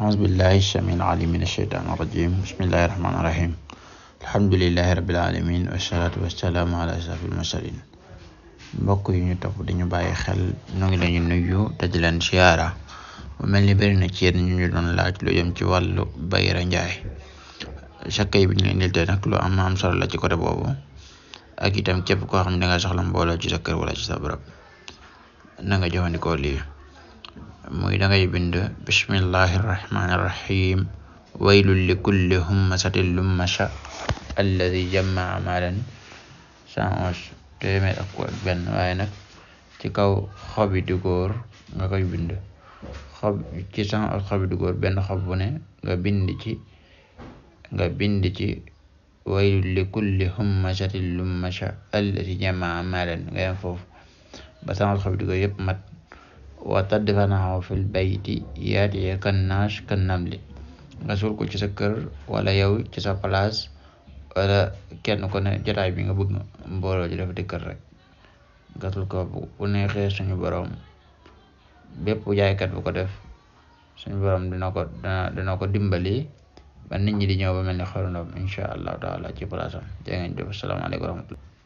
أعوذ بالله السميع العليم من الشيطان الرجيم بسم الله الرحمن الرحيم الحمد لله رب العالمين والصلاة والسلام على أشرف المرسلين mbokk yi ñu topp dañu bàyyi xel ñu ngi lañu nuyu daj leen siyaara mu mel ni bëri na ci yéen ñu ñu doon laaj lu jëm ci wàllu Bayra Njaay chaque yi bi ñu leen indil nag lu am am solo la ci côté boobu ak itam képp koo xam ne da nga soxla mbooloo ci sa kër wala ci sa barab na nga jëfandikoo lii مويدا غيبند بسم الله الرحمن الرحيم ويل لكل همة لمشة الذي جمع مالا سانوش تيمي أكوى بن وينك تكاو خبي دغور غيبند خب كيسان خبي دغور بن خبوني غبندتي غبندتي ويل لكل همة لمشة الذي جمع مالا غيبند بسان خبي دغور يب مات وتدفنه في البيت يدعي كالناش كالنمل rasul ko ci sa kër wala yow ci sa place wala kenn ku ne jotaay bi nga bëgg mbooloo ji dafa dëkkal rek gasul ko bu neexee suñu borom bépp jaaykat bu ko def suñu borom dina ko dina dina ko dimbali ba nit ñi di ñëw ba mel ni xorondom insha allahu taala ci place am